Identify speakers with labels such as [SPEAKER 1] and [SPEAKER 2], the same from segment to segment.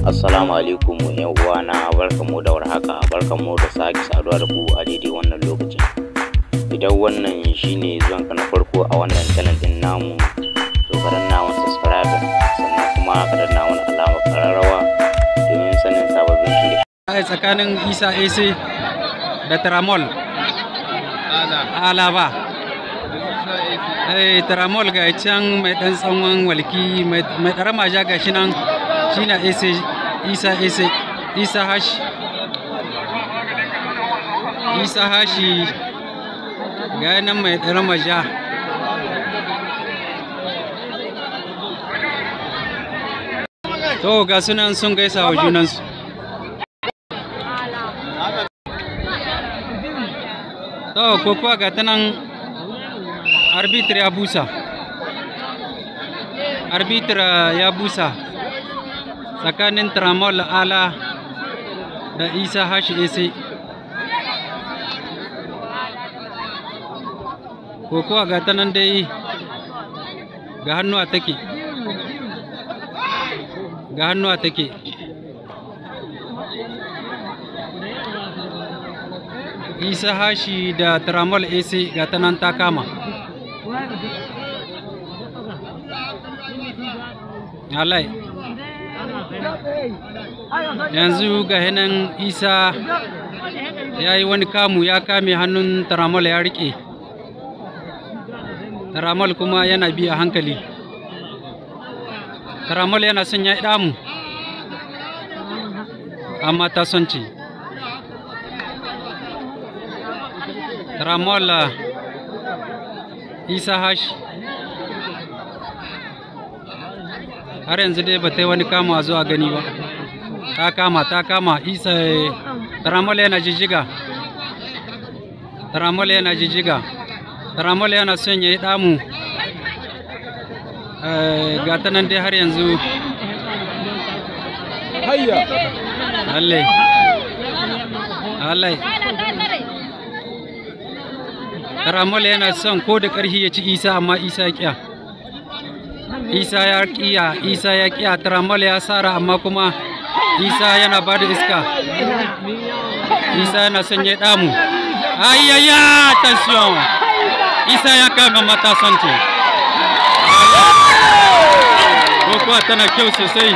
[SPEAKER 1] Assalamu alaikum na. uwana barkamu da warhaka barkamu da sake saduwa da ku a daidai wannan lokacin. Idan wannan shine zuwan ka na farko a wannan channel din namu to ka na wani subscribe sannan kuma ka na wani alama
[SPEAKER 2] kararrawa domin sanin sababbin shi.
[SPEAKER 1] Ai tsakanin Isa AC da Tramol. Alaba. Eh Tramol ga can mai dan tsawon walki mai ɗarama ja gashi nan shi ese isa isa hashi
[SPEAKER 2] isa hashi
[SPEAKER 1] ga nan mai ɗarama ja to ga sunan sun gaisa wa junansu to kokowa ga ta nan
[SPEAKER 2] arbitre ya busa
[SPEAKER 1] arbitre ya busa tsakanin tramol ala da isa hashi ese
[SPEAKER 2] kokowa ga ta nan dai ga hannuwa take
[SPEAKER 1] ga hannuwa take isa hashi da tramol ese ga ta nan ta kama
[SPEAKER 2] alai yanzu ga hinan isa ya yi wani kamu
[SPEAKER 1] ya kame hannun taramal ya rike taramal kuma yana biya hankali taramal yana son ya damu amma ta son ce. taramal isa hashi har yanzu dai ba ta yi wani kama zuwa gani ba ta kama ta kama isa eh, taramola yana jijjiga taramola yana jijjiga taramola yana son ya yi damu
[SPEAKER 2] eh, ga ta nan dai har yanzu hayya allai allai
[SPEAKER 1] taramola yana son ko da ƙarfi ya ci isa amma isa ya isa ya kiya isa ya kiya tramal ya sara amma kuma isa yana ba da iska isa yana sanye damu ayayya attention isa ya kama mata ce kokowa tana kyau sosai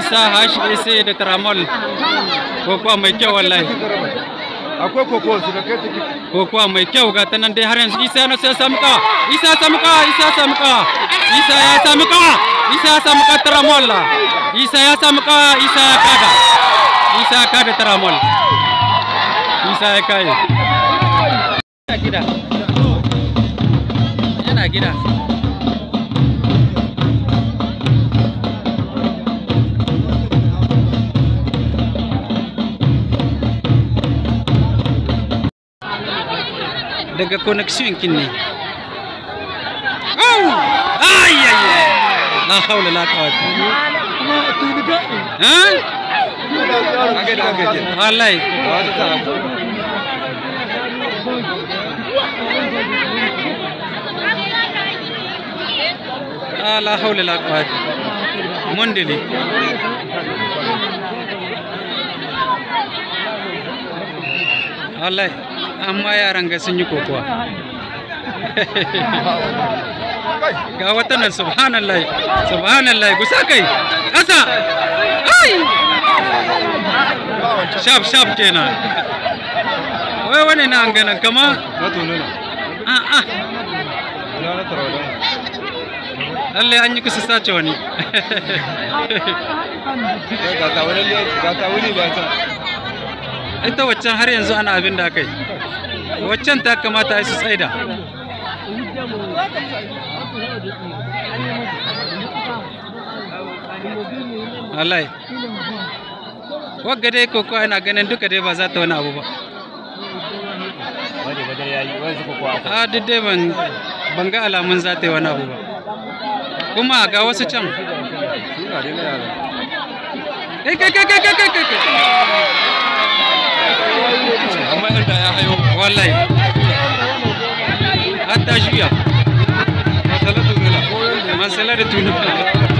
[SPEAKER 1] isa hashi sai da tramal kokowa mai kyau wallahi akwai kokowa su da kai take kokowa mai kyau ga tanan dai har yanzu isa na sai samuka? kawa isa samu kawa isa samu kawa isa ya samu isa ya samu taramola isa ya samu isa ya kada isa ya kada taramol isa ya kai gida yana gida daga connection kini
[SPEAKER 2] au ay ay
[SPEAKER 1] la hawla la quwwata ha wallahi
[SPEAKER 2] la hawla la quwwata
[SPEAKER 1] mondeli wallahi amma yaran ga sun yi kokowa ga wata nan subhanallah ku sa kai ƙasa ai shaf shaf kenan wai wani na an ganin kama a'a ah, ah. lallai an yi kusa sace wani ga ta wani ba ta ita waccan har yanzu ana abin da aka yi
[SPEAKER 2] waccan ta kamata a su tsaida
[SPEAKER 1] Allah wagga dai koko ana ganin duka dai ba za ta wani abu ba
[SPEAKER 2] a
[SPEAKER 1] ah, duk ban ga alamun za ta yi wani abu ba kuma ga wasu can kai kai kai kai kai kai amma da ya hayo wallahi hatta juya masala da tuna masala da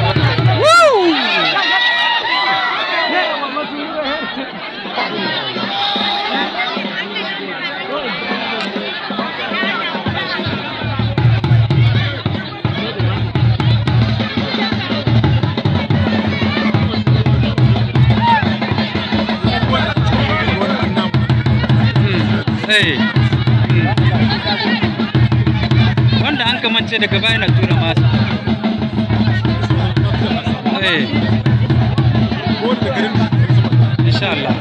[SPEAKER 1] ce daga baya na tura masa eh. insha Allah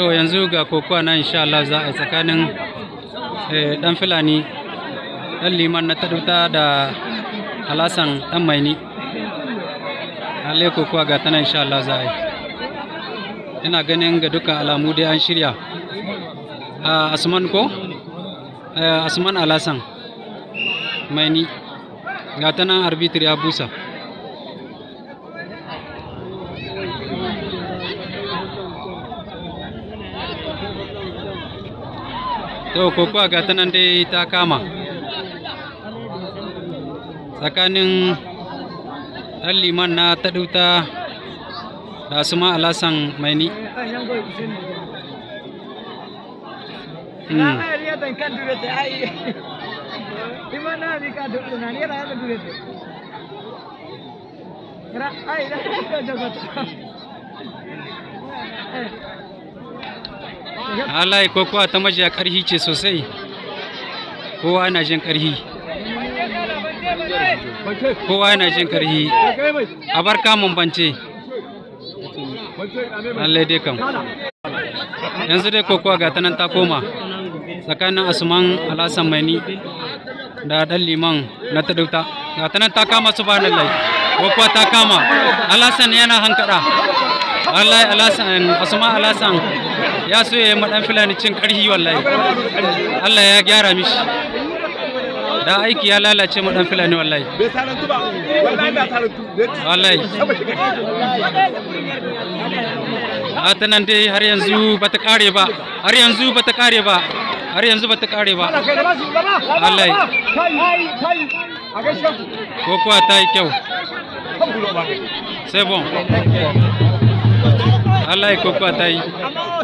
[SPEAKER 1] to yanzu ga kokowa na insha Allah za a tsakanin dan eh, fulani dan liman na taduta da alasan dan maini halle kokowa ga tana insha Allah za a ina ganin ga dukkan alamu dai an shirya asman ko eh, asman alasan maini ga ta nan arbitri ya busa to kokowa ga ta nan dai ta kama tsakanin ɗan liman na taɗauta da su ma alasan maini hmm.
[SPEAKER 2] Ay,
[SPEAKER 1] Allah koko a ta a karhi ce sosai kowa na jin karhi kowa na jin karhi a bar kamun bance Allah dai kam yanzu dai koko ga ta nan ta koma tsakanin asuman alasan maini da dan liman na ta dauta ga ta nan ta kama su bani lai kokowa ta kama alasan yana hankada Allah alasan asuman alasan ya so ya yi maɗan filani cin ƙarfi wallahi
[SPEAKER 2] Allah ya gyara mishi
[SPEAKER 1] da aiki ya lalace maɗan filani wallahi wallahi a ta nan dai har yanzu ba ta ƙare ba har yanzu ba ta ƙare ba har yanzu ba ta ƙare ba wallahi ko kuwa ta yi kyau sai bon Allah ya kuwa ta
[SPEAKER 2] yi